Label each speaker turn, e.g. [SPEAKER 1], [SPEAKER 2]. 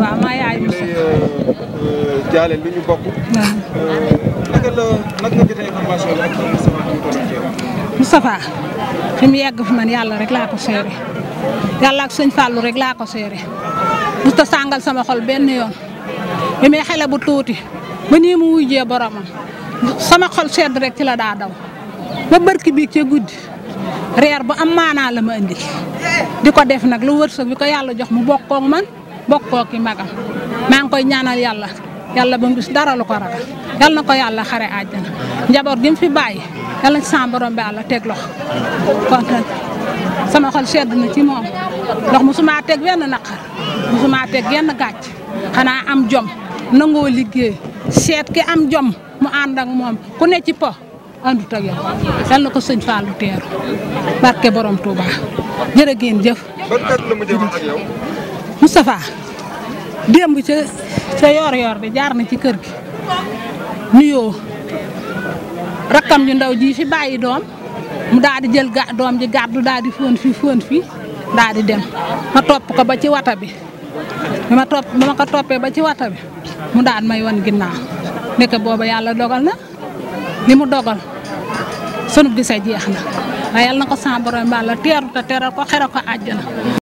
[SPEAKER 1] waaw maa yaay bi euh, euh, jaale li ñu bokk. Euh, naka fi mu yegg fi man yàlla rek laa ko seere yàlla ak sëñ Fallou rek laa ko seere musta sàngal sama xol benn yoon bi may xele bu tuuti ba nii mu wujjee boromam sama xol sedd rek ci la daa daw ba barki bii ca guddi. reer bu am maanaa la ma indi di ko def nag lu wërsëg bi ko yàlla jox mu bokkoog man bokkoog ki magam maa ngi koy ñaanal yàlla yàlla ba mu dara lu ko ragal yal na ko yàlla xare àjjana njaboot gi mu fi bàyyi yàlla ci sama borom bi yàlla teg lox kontaan sama xol sedd na ci moom ndox musuma teg wenn naqar musuma teg yenn gàcc xanaa am jom nangoo liggéey seet ki am jom mu ànd moom ku ne ci po àndut ak yow na ko sëñ Fallou teeru barke borom Touba jërë ngeen jëf. ban kàddu la démb ca ca yor-yor bi jaar na ci kër gi nuyoo rakkam ju ndaw ji fi bàyyi doom mu daal di jël ga doom ji gàddu daal di fóon fi fóon fi daal dem ma topp ko ba ci wata bi bi ma topp ma ko toppee ba ci wata bi mu daal may wan ginnaaw nekk booba yàlla dogal na li mu dogal. sunu gisee jeex na waaye na ko sama borom baal la teeru te ko xeral ko àjjana